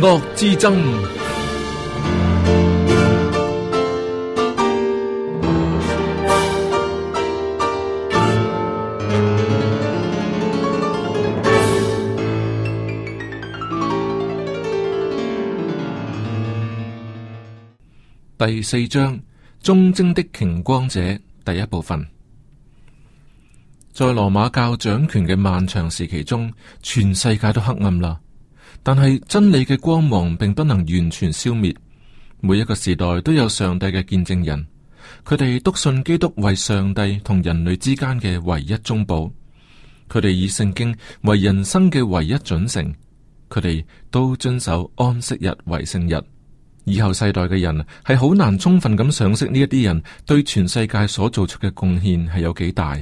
惡之爭第四章：忠貞的擎光者第一部分。在羅馬教掌權嘅漫長時期中，全世界都黑暗啦。但係真理嘅光芒並不能完全消滅。每一個時代都有上帝嘅見證人，佢哋篤信基督為上帝同人類之間嘅唯一中保。佢哋以聖經為人生嘅唯一準繩，佢哋都遵守安息日為聖日。以後世代嘅人係好難充分咁賞識呢一啲人對全世界所做出嘅貢獻係有幾大。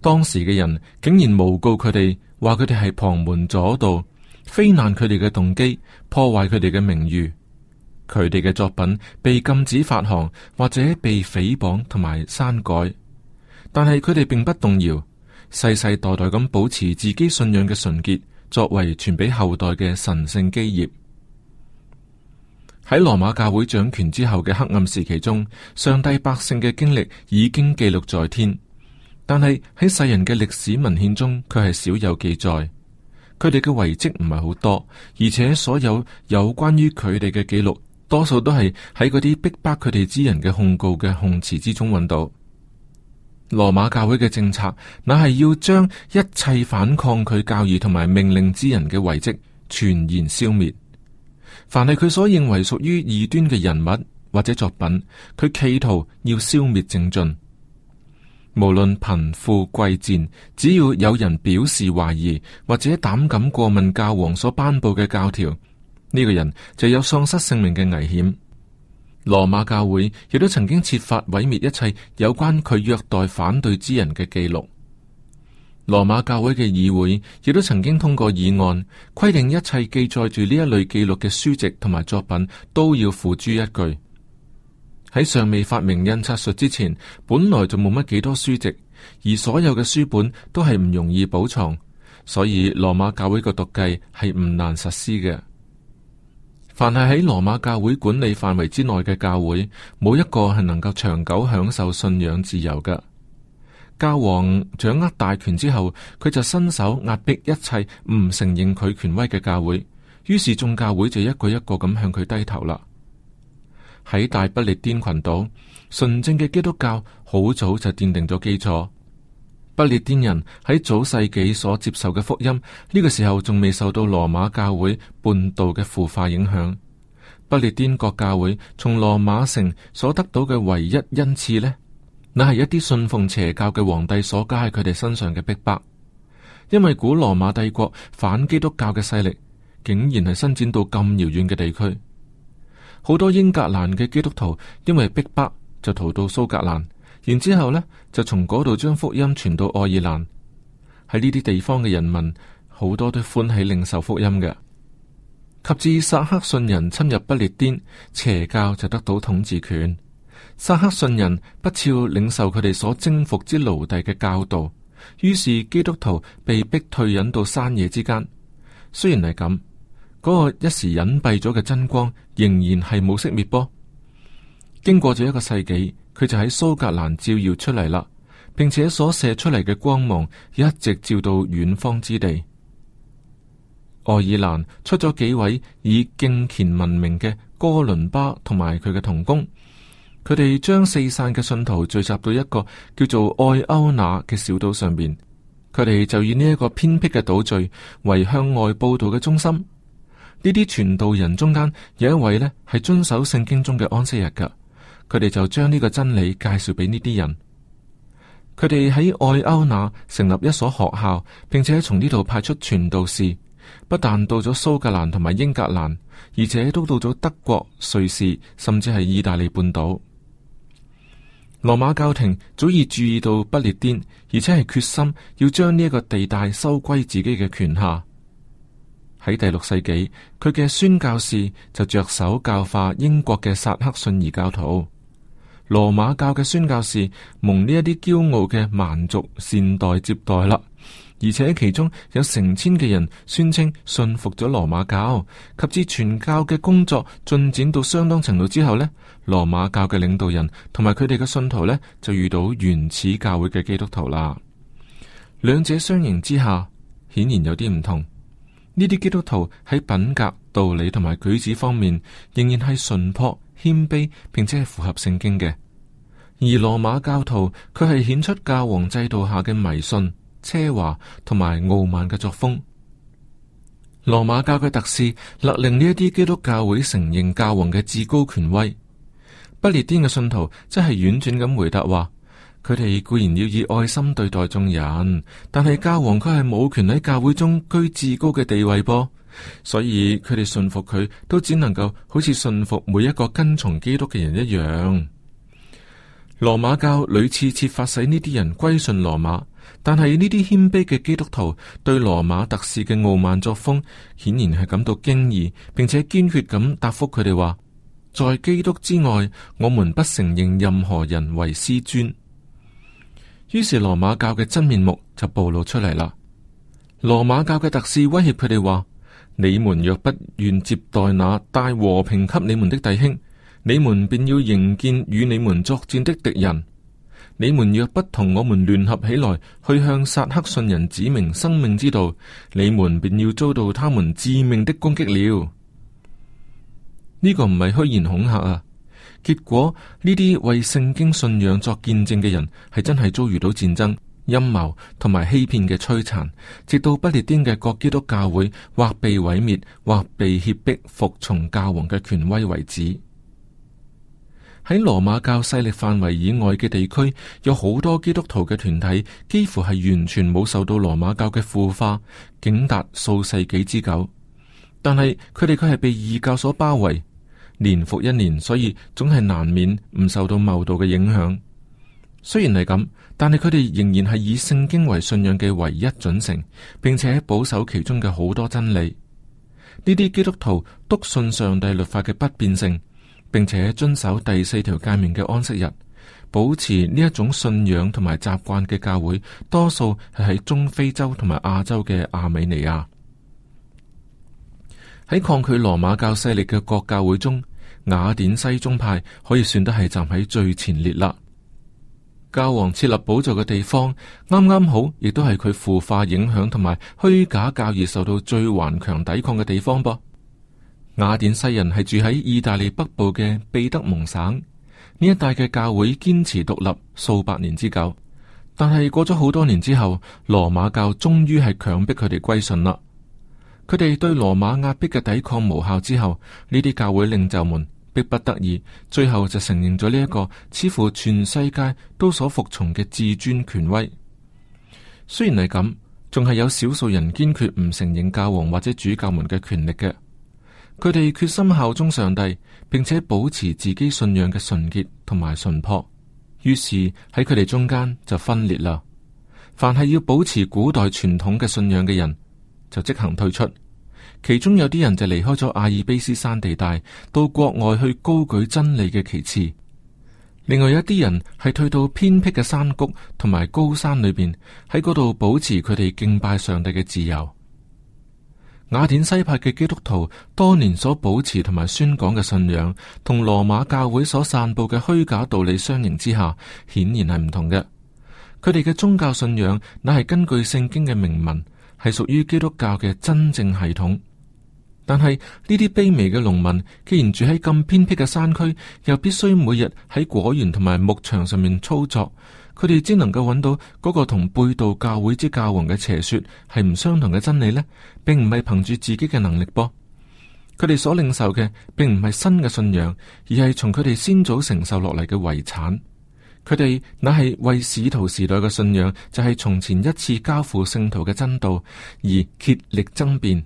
當時嘅人竟然誣告佢哋，話佢哋係旁門左道。非難佢哋嘅動機，破壞佢哋嘅名譽，佢哋嘅作品被禁止發行，或者被誹謗同埋刪改。但係佢哋並不動搖，世世代代咁保持自己信仰嘅純潔，作為傳俾後代嘅神聖基業。喺羅馬教會掌權之後嘅黑暗時期中，上帝百姓嘅經歷已經記錄在天，但係喺世人嘅歷史文獻中，佢係少有記載。佢哋嘅遺跡唔係好多，而且所有有關於佢哋嘅記錄，多數都係喺嗰啲逼迫佢哋之人嘅控告嘅控詞之中揾到。羅馬教會嘅政策，乃係要將一切反抗佢教義同埋命令之人嘅遺跡全然消滅。凡係佢所認為屬於異端嘅人物或者作品，佢企圖要消滅淨盡。無論貧富貴賤，只要有人表示懷疑或者膽敢過問教皇所頒布嘅教條，呢個人就有喪失性命嘅危險。羅馬教會亦都曾經設法毀滅一切有關佢虐待反對之人嘅記錄。羅馬教會嘅議會亦都曾經通過議案，規定一切記載住呢一類記錄嘅書籍同埋作品都要付諸一炬。喺尚未發明印刷術之前，本來就冇乜幾多書籍，而所有嘅書本都係唔容易保存，所以羅馬教會嘅毒計係唔難實施嘅。凡係喺羅馬教會管理範圍之內嘅教會，冇一個係能夠長久享受信仰自由嘅。教皇掌握大權之後，佢就伸手壓迫一切唔承認佢權威嘅教會，於是眾教會就一個一個咁向佢低頭啦。喺大不列顛群島，純正嘅基督教好早就奠定咗基礎。不列顛人喺早世紀所接受嘅福音，呢個時候仲未受到羅馬教會半道嘅腐化影響。不列顛國教會從羅馬城所得到嘅唯一恩賜呢，乃係一啲信奉邪教嘅皇帝所加喺佢哋身上嘅逼迫，因為古羅馬帝國反基督教嘅勢力竟然係伸展到咁遙遠嘅地區。好多英格蘭嘅基督徒因為逼迫，就逃到蘇格蘭，然之後呢，就從嗰度將福音傳到愛爾蘭。喺呢啲地方嘅人民好多都歡喜領受福音嘅。及至薩克遜人侵入不列顛，邪教就得到統治權。薩克遜人不照領受佢哋所征服之奴隸嘅教導，於是基督徒被逼退隱到山野之間。雖然係咁。嗰個一時隱蔽咗嘅真光仍然係冇熄滅噃經過咗一個世紀，佢就喺蘇格蘭照耀出嚟啦，並且所射出嚟嘅光芒一直照到遠方之地。愛爾蘭出咗幾位以敬虔聞名嘅哥倫巴同埋佢嘅同工，佢哋將四散嘅信徒聚集到一個叫做愛歐娜嘅小島上邊，佢哋就以呢一個偏僻嘅島嶼為向外報道嘅中心。呢啲傳道人中間有一位呢，係遵守聖經中嘅安息日噶。佢哋就將呢個真理介紹俾呢啲人。佢哋喺愛歐那成立一所學校，並且從呢度派出傳道士，不但到咗蘇格蘭同埋英格蘭，而且都到咗德國、瑞士，甚至係意大利半島。羅馬教廷早已注意到不列顛，而且係決心要將呢一個地帶收歸自己嘅權下。喺第六世紀，佢嘅宣教士就着手教化英國嘅撒克遜異教徒。羅馬教嘅宣教士蒙呢一啲驕傲嘅蠻族善待接待啦，而且其中有成千嘅人宣稱信服咗羅馬教，及至傳教嘅工作進展到相當程度之後呢，羅馬教嘅領導人同埋佢哋嘅信徒呢，就遇到原始教會嘅基督徒啦，兩者相形之下，顯然有啲唔同。呢啲基督徒喺品格、道理同埋舉止方面，仍然係純樸、謙卑，並且係符合聖經嘅。而羅馬教徒佢係顯出教皇制度下嘅迷信、奢華同埋傲慢嘅作風。羅馬教嘅特使勒令呢一啲基督教會承認教皇嘅至高權威。不列顛嘅信徒真係婉轉咁回答話。佢哋固然要以愛心對待眾人，但係教皇，佢係冇權喺教會中居至高嘅地位噃，所以佢哋信服佢都只能夠好似信服每一個跟從基督嘅人一樣。羅馬教屢次設法使呢啲人歸順羅馬，但係呢啲謙卑嘅基督徒對羅馬特使嘅傲慢作風，顯然係感到驚異，並且堅決咁答復佢哋話：在基督之外，我們不承認任何人為師尊。於是羅馬教嘅真面目就暴露出嚟啦。羅馬教嘅特使威脅佢哋話：你們若不願接待那帶和平給你們的弟兄，你們便要迎見與你們作戰的敵人；你們若不同我們聯合起來去向撒克遜人指明生命之道，你們便要遭到他們致命的攻擊了。呢個唔係虛言恐嚇啊！結果呢啲為聖經信仰作見證嘅人，係真係遭遇到戰爭、陰謀同埋欺騙嘅摧殘，直到不列顛嘅各基督教會或被毀滅，或被脅迫服從教皇嘅權威為止。喺羅馬教勢力範圍以外嘅地區，有好多基督徒嘅團體，幾乎係完全冇受到羅馬教嘅腐化，竟達數世紀之久。但係佢哋卻係被異教所包圍，年復一年，所以總係難免唔受到謬道嘅影響。雖然係咁，但係佢哋仍然係以聖經為信仰嘅唯一準繩，並且保守其中嘅好多真理。呢啲基督徒篤信上帝律法嘅不變性，並且遵守第四條界面嘅安息日，保持呢一種信仰同埋習慣嘅教會，多數係喺中非洲同埋亞洲嘅阿美尼亞。喺抗拒羅馬教勢力嘅國教會中。雅典西宗派可以算得係站喺最前列啦。教皇設立寶座嘅地方，啱啱好亦都係佢腐化影響同埋虛假教義受到最頑強抵抗嘅地方噃。雅典西人係住喺意大利北部嘅貝德蒙省，呢一帶嘅教會堅持獨立數百年之久，但係過咗好多年之後，羅馬教終於係強迫佢哋歸順啦。佢哋對羅馬壓迫嘅抵抗無效之後，呢啲教會領袖們。迫不得已，最後就承認咗呢一個似乎全世界都所服從嘅至尊權威。雖然係咁，仲係有少數人堅決唔承認教皇或者主教們嘅權力嘅。佢哋決心效忠上帝，並且保持自己信仰嘅純潔同埋純樸。於是喺佢哋中間就分裂啦。凡係要保持古代傳統嘅信仰嘅人，就即行退出。其中有啲人就離開咗阿爾卑斯山地帶，到國外去高舉真理嘅旗幟；另外一啲人係退到偏僻嘅山谷同埋高山裏邊，喺嗰度保持佢哋敬拜上帝嘅自由。雅典西派嘅基督徒多年所保持同埋宣講嘅信仰，同羅馬教會所散布嘅虛假道理相形之下，顯然係唔同嘅。佢哋嘅宗教信仰乃係根據聖經嘅明文，係屬於基督教嘅真正系統。但係呢啲卑微嘅農民，既然住喺咁偏僻嘅山區，又必須每日喺果園同埋牧場上面操作，佢哋只能夠揾到嗰個同背道教會之教王嘅邪說係唔相同嘅真理呢，並唔係憑住自己嘅能力噃。佢哋所領受嘅，並唔係新嘅信仰，而係從佢哋先祖承受落嚟嘅遺產。佢哋乃係為使徒時代嘅信仰，就係、是、從前一次交付聖徒嘅真道而竭力爭辯。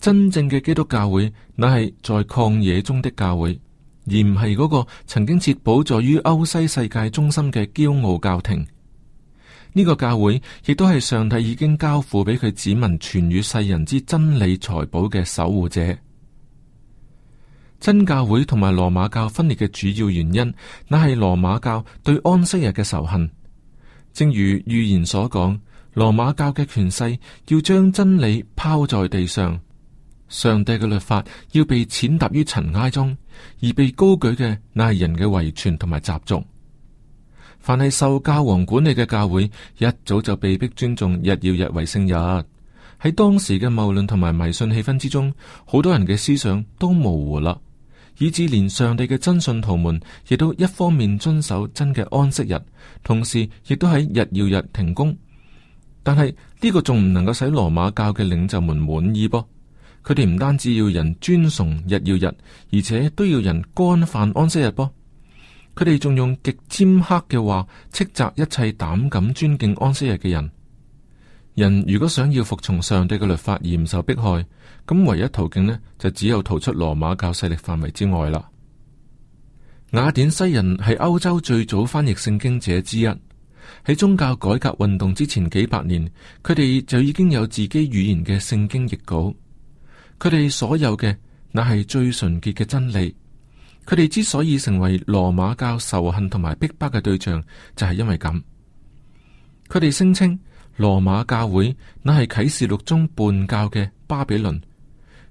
真正嘅基督教會，乃係在曠野中的教會，而唔係嗰個曾經設保在於歐西世界中心嘅驕傲教廷。呢、這個教會亦都係上帝已經交付俾佢子民傳與世人之真理財寶嘅守護者。真教會同埋羅馬教分裂嘅主要原因，乃係羅馬教對安息日嘅仇恨。正如預言所講，羅馬教嘅權勢要將真理拋在地上。上帝嘅律法要被踐踏於塵埃中，而被高舉嘅，乃係人嘅遺傳同埋習俗。凡係受教皇管理嘅教會，一早就被逼尊重日曜日為聖日。喺當時嘅謬論同埋迷信氣氛之中，好多人嘅思想都模糊啦，以至連上帝嘅真信徒們亦都一方面遵守真嘅安息日，同時亦都喺日曜日停工。但係呢個仲唔能夠使羅馬教嘅領袖們滿意噃。佢哋唔單止要人尊崇日要日，而且都要人干犯安息日噃。佢哋仲用極尖刻嘅話斥責一切膽敢尊敬安息日嘅人。人如果想要服從上帝嘅律法而唔受迫害，咁唯一途徑呢，就只有逃出羅馬教勢力範圍之外啦。瓦典西人係歐洲最早翻譯聖經者之一。喺宗教改革運動之前幾百年，佢哋就已經有自己語言嘅聖經譯稿。佢哋所有嘅，乃係最純潔嘅真理。佢哋之所以成為羅馬教仇恨同埋逼迫嘅對象，就係因為咁。佢哋聲稱羅馬教會乃係啟示錄中叛教嘅巴比倫，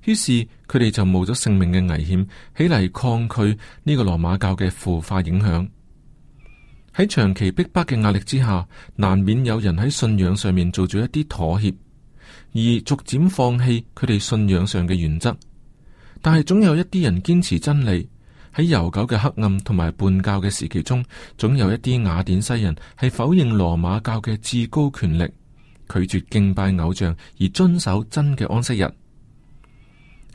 於是佢哋就冒咗性命嘅危險，起嚟抗拒呢個羅馬教嘅腐化影響。喺長期逼迫嘅壓力之下，難免有人喺信仰上面做咗一啲妥協。而逐漸放棄佢哋信仰上嘅原則，但係總有一啲人堅持真理。喺悠久嘅黑暗同埋叛教嘅時期中，總有一啲雅典西人係否認羅馬教嘅至高權力，拒絕敬拜偶像而遵守真嘅安息日。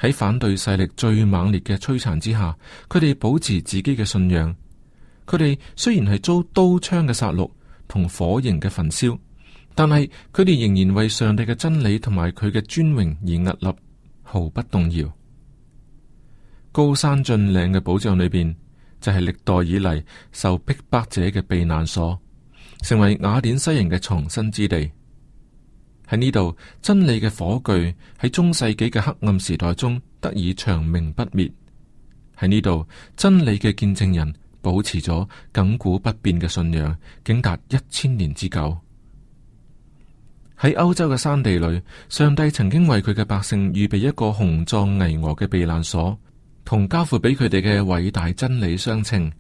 喺反對勢力最猛烈嘅摧殘之下，佢哋保持自己嘅信仰。佢哋雖然係遭刀槍嘅殺戮同火刑嘅焚燒。但係佢哋仍然為上帝嘅真理同埋佢嘅尊榮而屹立，毫不動搖。高山峻嶺嘅保障裏邊，就係、是、歷代以嚟受迫害者嘅避難所，成為雅典西人嘅藏身之地。喺呢度，真理嘅火炬喺中世紀嘅黑暗時代中得以長明不滅。喺呢度，真理嘅見證人保持咗亙古不變嘅信仰，竟達一千年之久。喺歐洲嘅山地裏，上帝曾經為佢嘅百姓預備一個雄壯巍峨嘅避難所，同交付俾佢哋嘅偉大真理相稱。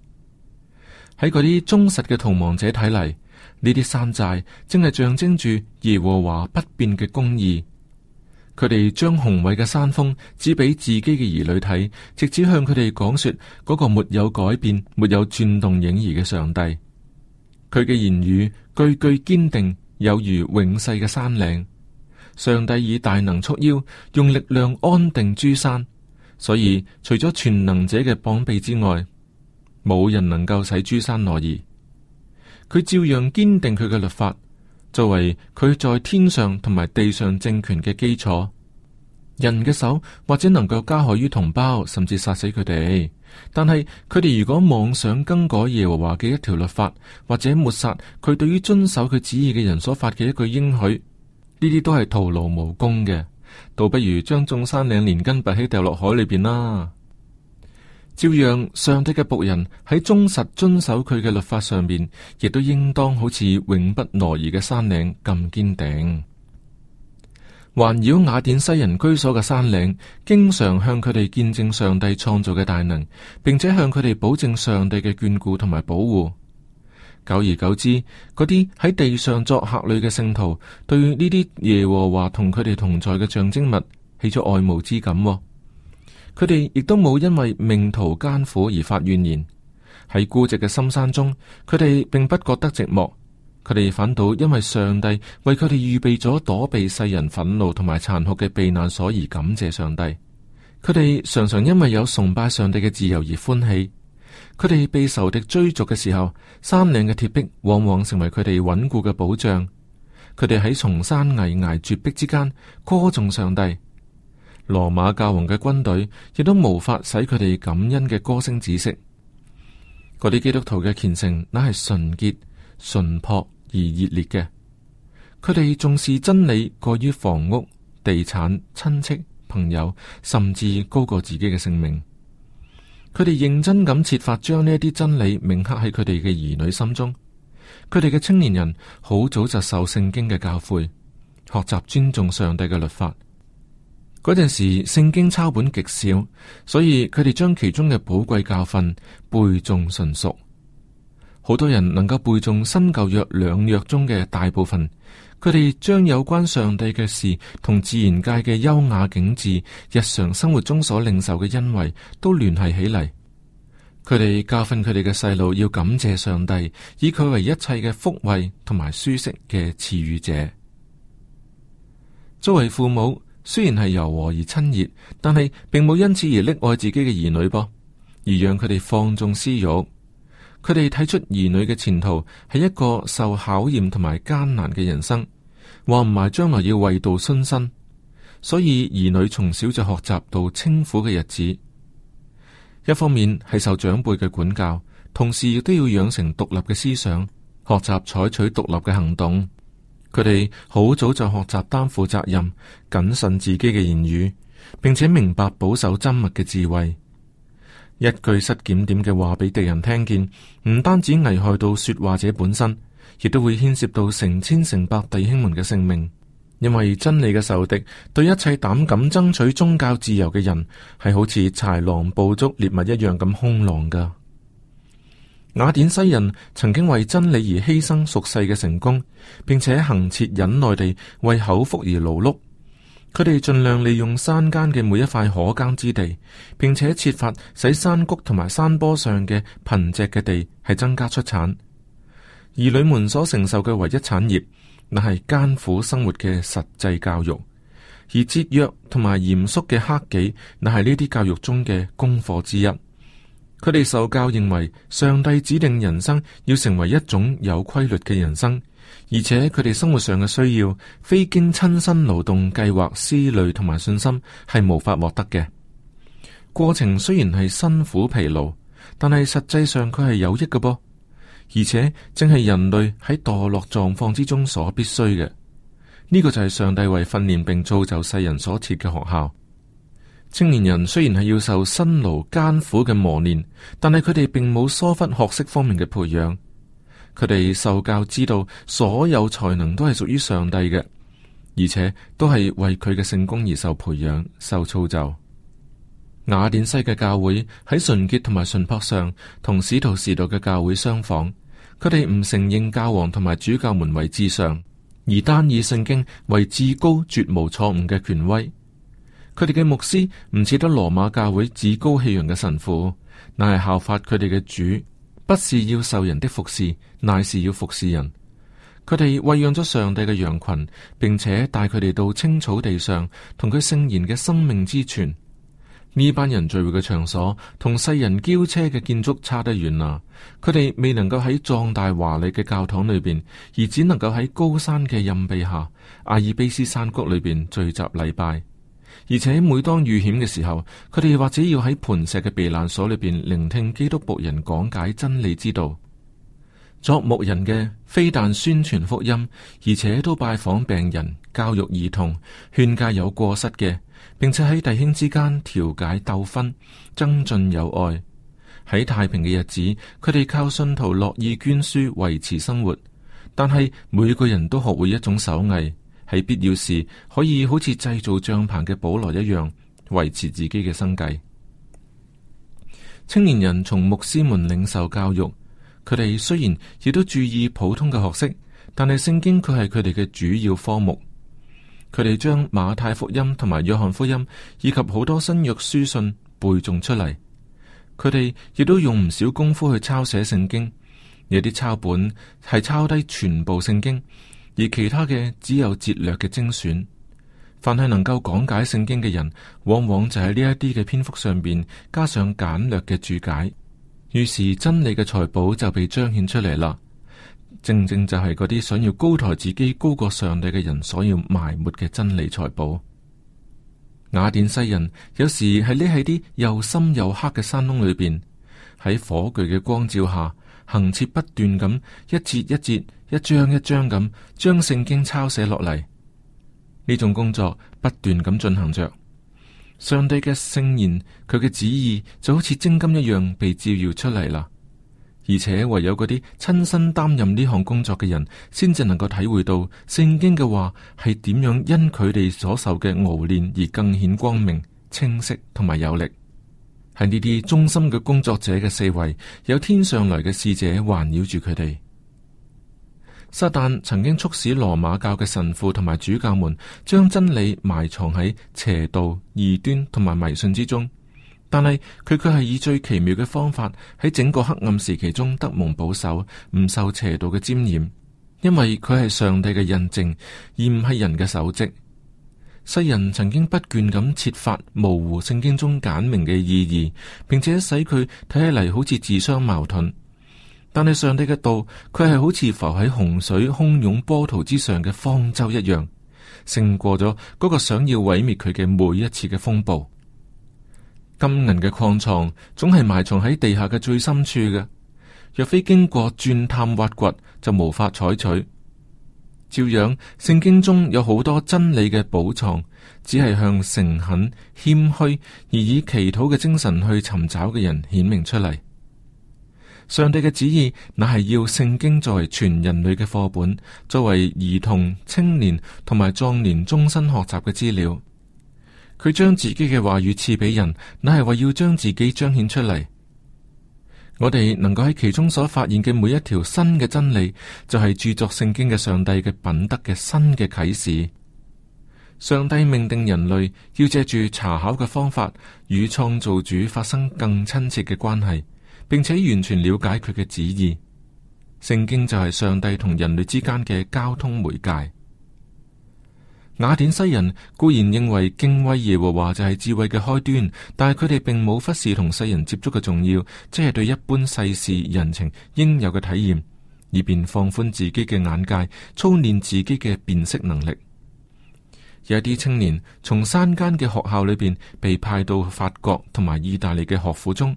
喺嗰啲忠實嘅逃亡者睇嚟，呢啲山寨正係象徵住耶和華不變嘅公義。佢哋將宏偉嘅山峰指俾自己嘅兒女睇，直至向佢哋講說嗰個沒有改變、沒有轉動影兒嘅上帝。佢嘅言語句句堅定。有如永世嘅山嶺，上帝以大能束腰，用力量安定諸山，所以除咗全能者嘅膀臂之外，冇人能夠使諸山挪移。佢照樣堅定佢嘅律法，作為佢在天上同埋地上政權嘅基礎。人嘅手或者能夠加害於同胞，甚至殺死佢哋。但係佢哋如果妄想更改耶和華嘅一條律法，或者抹殺佢對於遵守佢旨意嘅人所發嘅一句應許，呢啲都係徒勞無功嘅。倒不如將眾山嶺連根拔起掉落海裏邊啦。照樣，上帝嘅僕人喺忠實遵守佢嘅律法上面，亦都應當好似永不挪移嘅山嶺咁堅定。環繞雅典西人居所嘅山嶺，經常向佢哋見證上帝創造嘅大能，並且向佢哋保證上帝嘅眷顧同埋保護。久而久之，嗰啲喺地上作客旅嘅聖徒，對呢啲耶和華同佢哋同在嘅象徵物起咗愛慕之感。佢哋亦都冇因為命途艱苦而發怨言。喺孤寂嘅深山中，佢哋並不覺得寂寞。佢哋反倒因為上帝為佢哋預備咗躲避世人憤怒同埋殘酷嘅避難所而感謝上帝。佢哋常常因為有崇拜上帝嘅自由而歡喜。佢哋被仇敵追逐嘅時候，山嶺嘅鐵壁往往成為佢哋穩固嘅保障。佢哋喺崇山危崖絕壁之間歌頌上帝。羅馬教皇嘅軍隊亦都無法使佢哋感恩嘅歌聲止息。嗰啲基督徒嘅虔誠乃係純潔、純樸，而熱烈嘅。佢哋重視真理過於房屋、地產、親戚、朋友，甚至高過自己嘅性命。佢哋認真咁設法將呢一啲真理銘刻喺佢哋嘅兒女心中。佢哋嘅青年人好早就受聖經嘅教誨，學習尊重上帝嘅律法。嗰陣時聖經抄本極少，所以佢哋將其中嘅寶貴教訓背誦純熟。好多人能夠背誦新舊約兩約中嘅大部分，佢哋將有關上帝嘅事同自然界嘅優雅景致、日常生活中所領受嘅恩惠都聯繫起嚟。佢哋教訓佢哋嘅細路要感謝上帝，以佢為一切嘅福惠同埋舒適嘅賜予者。作為父母，雖然係柔和而親熱，但係並冇因此而溺愛自己嘅兒女，噃，而讓佢哋放縱私欲。佢哋睇出兒女嘅前途係一個受考驗同埋艱難嘅人生，話唔埋將來要為道殉身，所以兒女從小就學習到清苦嘅日子。一方面係受長輩嘅管教，同時亦都要養成獨立嘅思想，學習採取獨立嘅行動。佢哋好早就學習擔負責任，謹慎自己嘅言語，並且明白保守真密嘅智慧。一句失檢點嘅話俾敵人聽見，唔單止危害到說話者本身，亦都會牽涉到成千成百弟兄們嘅性命。因為真理嘅仇敵，對一切膽敢爭取宗教自由嘅人，係好似豺狼捕捉獵物一樣咁凶狼噶。雅典西人曾經為真理而犧牲屬世嘅成功，並且行切忍耐地為口福而勞碌。佢哋盡量利用山間嘅每一塊可耕之地，並且設法使山谷同埋山坡上嘅貧瘠嘅地係增加出產。兒女們所承受嘅唯一產業，乃係艱苦生活嘅實際教育，而節約同埋嚴肅嘅克己，乃係呢啲教育中嘅功課之一。佢哋受教認為，上帝指定人生要成為一種有規律嘅人生。而且佢哋生活上嘅需要，非經親身勞動、計劃、思慮同埋信心，係無法獲得嘅。過程雖然係辛苦、疲勞，但係實際上佢係有益嘅。噃，而且正係人類喺墮落狀況之中所必須嘅。呢個就係上帝為訓練並造就世人所設嘅學校。青年人雖然係要受辛勞、艱苦嘅磨練，但係佢哋並冇疏忽學識方面嘅培養。佢哋受教知道所有才能都係屬於上帝嘅，而且都係為佢嘅聖工而受培養、受操就。雅典西嘅教會喺純潔同埋淳樸上同使徒時代嘅教會相仿。佢哋唔承認教皇同埋主教們為至上，而單以聖經為至高、絕無錯誤嘅權威。佢哋嘅牧師唔似得羅馬教會趾高氣揚嘅神父，乃係效法佢哋嘅主。不是要受人的服侍，乃是要服侍人。佢哋餵養咗上帝嘅羊群，並且帶佢哋到青草地上，同佢聖言嘅生命之泉。呢班人聚會嘅場所同世人驕奢嘅建築差得遠啊，佢哋未能夠喺壯大華麗嘅教堂裏邊，而只能夠喺高山嘅蔭蔽下，阿爾卑斯山谷裏邊聚集禮拜。而且每當遇險嘅時候，佢哋或者要喺磐石嘅避難所裏邊聆聽基督僕人講解真理之道。作牧人嘅非但宣傳福音，而且都拜訪病人、教育兒童、勸戒有過失嘅，並且喺弟兄之間調解鬥紛，增進友愛。喺太平嘅日子，佢哋靠信徒樂意捐輸維持生活。但係每個人都學會一種手藝。喺必要時，可以好似製造帳篷嘅保羅一樣，維持自己嘅生計。青年人從牧師們領受教育，佢哋雖然亦都注意普通嘅學識，但係聖經，佢係佢哋嘅主要科目。佢哋將馬太福音同埋約翰福音以及好多新約書信背誦出嚟。佢哋亦都用唔少功夫去抄寫聖經，有啲抄本係抄低全部聖經。而其他嘅只有節略嘅精選，凡係能夠講解聖經嘅人，往往就喺呢一啲嘅篇幅上邊加上簡略嘅注解，於是真理嘅財寶就被彰顯出嚟啦。正正就係嗰啲想要高抬自己高過上帝嘅人所要埋沒嘅真理財寶。雅典西人有時係匿喺啲又深又黑嘅山窿裏邊，喺火炬嘅光照下，行切不斷咁一節一節一張一張咁將聖經抄寫落嚟，呢種工作不斷咁進行着。上帝嘅聖言，佢嘅旨意就好似精金一樣被照耀出嚟啦。而且唯有嗰啲親身擔任呢項工作嘅人，先至能夠體會到聖經嘅話係點樣因佢哋所受嘅熬煉而更顯光明、清晰同埋有力。係呢啲忠心嘅工作者嘅四圍，有天上來嘅使者環繞住佢哋。撒旦曾經促使羅馬教嘅神父同埋主教們將真理埋藏喺邪道、異端同埋迷信之中，但係佢卻係以最奇妙嘅方法喺整個黑暗時期中得蒙保守，唔受邪道嘅沾染，因為佢係上帝嘅印證，而唔係人嘅手跡。世人曾經不倦咁設法模糊聖經中簡明嘅意義，並且使佢睇起嚟好似自相矛盾。但係上帝嘅道，佢係好似浮喺洪水洶湧波濤之上嘅方舟一樣，勝過咗嗰個想要毀滅佢嘅每一次嘅風暴。金銀嘅礦藏總係埋藏喺地下嘅最深處嘅，若非經過鑽探挖掘，就無法採取。照樣，聖經中有好多真理嘅寶藏，只係向誠懇謙虛而以祈禱嘅精神去尋找嘅人顯明出嚟。上帝嘅旨意，乃係要聖經作為全人類嘅課本，作為兒童、青年同埋壯年終身學習嘅資料。佢將自己嘅話語賜俾人，乃係話要將自己彰顯出嚟。我哋能夠喺其中所發現嘅每一條新嘅真理，就係著作聖經嘅上帝嘅品德嘅新嘅啟示。上帝命定人類要借住查考嘅方法，與創造主發生更親切嘅關係，並且完全了解佢嘅旨意。聖經就係上帝同人類之間嘅交通媒介。瓦典西人固然認為敬畏耶和華就係、是、智慧嘅開端，但係佢哋並冇忽視同世人接觸嘅重要，即係對一般世事人情應有嘅體驗，以便放寬自己嘅眼界，操練自己嘅辨識能力。有啲青年從山間嘅學校裏邊被派到法國同埋意大利嘅學府中，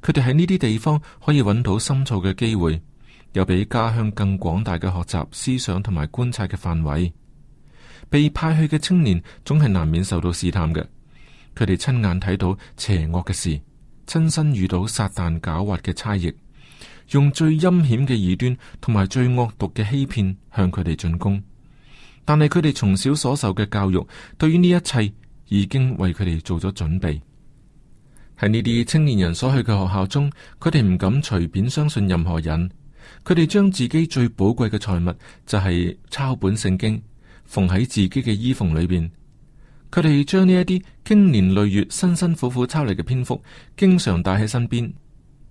佢哋喺呢啲地方可以揾到深造嘅機會，有比家鄉更廣大嘅學習、思想同埋觀察嘅範圍。被派去嘅青年總係難免受到試探嘅，佢哋親眼睇到邪惡嘅事，親身遇到撒旦狡猾嘅差役，用最陰險嘅異端同埋最惡毒嘅欺騙向佢哋進攻。但係佢哋從小所受嘅教育，對於呢一切已經為佢哋做咗準備。喺呢啲青年人所去嘅學校中，佢哋唔敢隨便相信任何人，佢哋將自己最寶貴嘅財物就係抄本聖經，縫喺自己嘅衣縫裏邊，佢哋將呢一啲經年累月辛辛苦苦抄嚟嘅篇幅，經常帶喺身邊。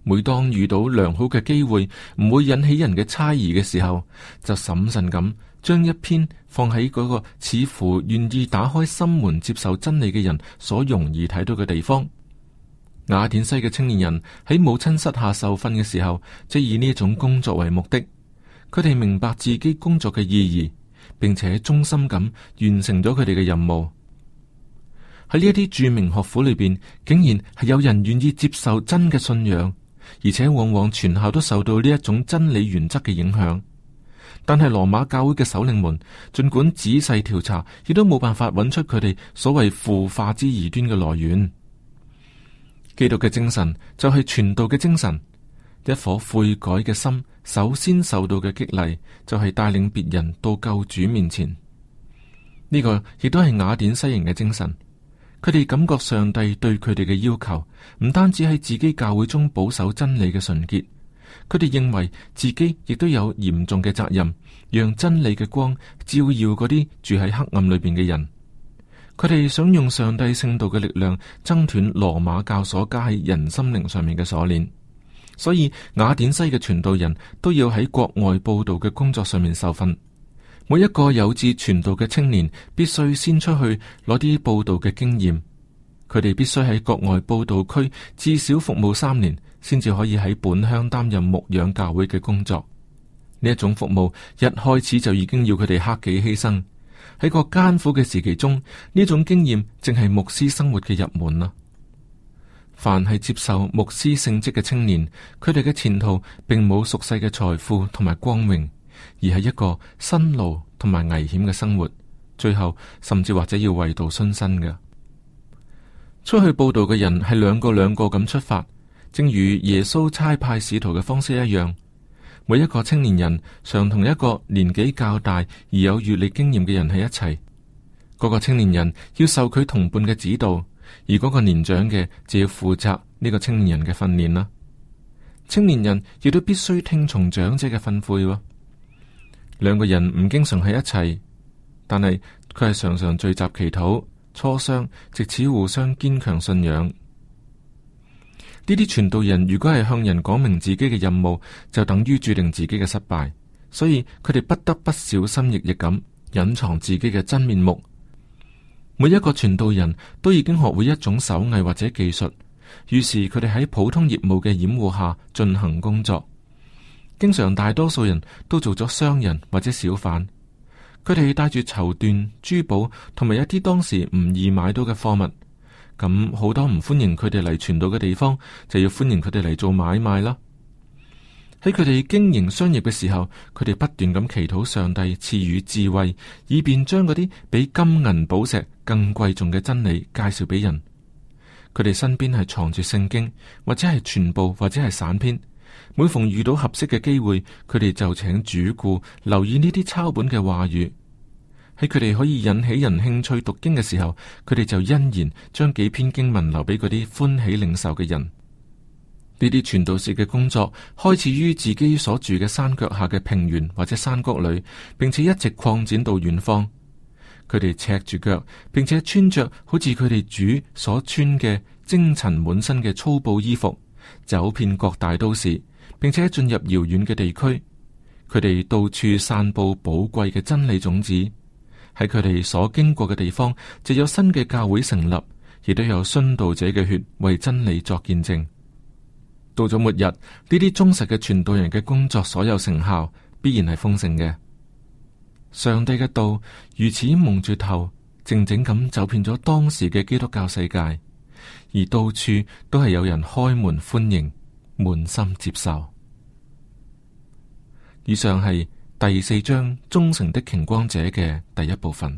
每當遇到良好嘅機會，唔會引起人嘅猜疑嘅時候，就審慎咁將一篇放喺嗰個似乎願意打開心門接受真理嘅人所容易睇到嘅地方。雅典西嘅青年人喺母親膝下受訓嘅時候，即以呢一種工作為目的。佢哋明白自己工作嘅意義。並且忠心咁完成咗佢哋嘅任務。喺呢一啲著名學府裏邊，竟然係有人願意接受真嘅信仰，而且往往全校都受到呢一種真理原則嘅影響。但係羅馬教會嘅首領們，盡管仔細調查，亦都冇辦法揾出佢哋所謂腐化之異端嘅來源。基督嘅精神就係傳道嘅精神，一顆悔改嘅心。首先受到嘅激勵就係、是、帶領別人到救主面前，呢、這個亦都係雅典西營嘅精神。佢哋感覺上帝對佢哋嘅要求唔單止喺自己教會中保守真理嘅純潔，佢哋認為自己亦都有嚴重嘅責任，讓真理嘅光照耀嗰啲住喺黑暗裏邊嘅人。佢哋想用上帝聖道嘅力量，掙斷羅馬教所加喺人心靈上面嘅鎖鏈。所以雅典西嘅傳道人都要喺國外布道嘅工作上面受訓。每一個有志傳道嘅青年，必須先出去攞啲布道嘅經驗。佢哋必須喺國外布道區至少服務三年，先至可以喺本鄉擔任牧養教會嘅工作。呢一種服務，一開始就已經要佢哋克己犧牲。喺個艱苦嘅時期中，呢種經驗正係牧師生活嘅入門啦。凡係接受牧師聖職嘅青年，佢哋嘅前途並冇俗世嘅財富同埋光榮，而係一個辛勞同埋危險嘅生活，最後甚至或者要為道殉身嘅。出去佈道嘅人係兩個兩個咁出發，正如耶穌差派使徒嘅方式一樣。每一個青年人常同一個年紀較大而有閱歷經驗嘅人喺一齊，嗰個青年人要受佢同伴嘅指導。而嗰個年長嘅就要負責呢個青年人嘅訓練啦，青年人亦都必須聽從長者嘅吩咐。兩個人唔經常喺一齊，但係佢係常常聚集祈禱、磋商，直至互相堅強信仰。呢啲傳道人如果係向人講明自己嘅任務，就等於注定自己嘅失敗，所以佢哋不得不小心翼翼咁隱藏自己嘅真面目。每一個傳道人都已經學會一種手藝或者技術，於是佢哋喺普通業務嘅掩護下進行工作。經常大多數人都做咗商人或者小販，佢哋帶住綢緞、珠寶同埋一啲當時唔易買到嘅貨物。咁好多唔歡迎佢哋嚟傳道嘅地方，就要歡迎佢哋嚟做買賣啦。喺佢哋經營商業嘅時候，佢哋不斷咁祈禱上帝賜予智慧，以便將嗰啲比金銀寶石更貴重嘅真理介紹俾人，佢哋身邊係藏住聖經，或者係全部，或者係散篇。每逢遇到合適嘅機會，佢哋就請主顧留意呢啲抄本嘅話語，喺佢哋可以引起人興趣讀經嘅時候，佢哋就欣然將幾篇經文留俾嗰啲歡喜領受嘅人。呢啲傳道士嘅工作開始於自己所住嘅山腳下嘅平原或者山谷裏，並且一直擴展到遠方。佢哋赤住腳，並且穿着好似佢哋主所穿嘅精塵滿身嘅粗布衣服，走遍各大都市，並且進入遙遠嘅地區。佢哋到處散布寶貴嘅真理種子，喺佢哋所經過嘅地方，就有新嘅教會成立，亦都有殉道者嘅血為真理作見證。到咗末日，呢啲忠實嘅傳道人嘅工作所有成效，必然係豐盛嘅。上帝嘅道如此蒙住頭，靜靜咁走遍咗當時嘅基督教世界，而到處都係有人開門歡迎，滿心接受。以上係第四章忠誠的擎光者嘅第一部分。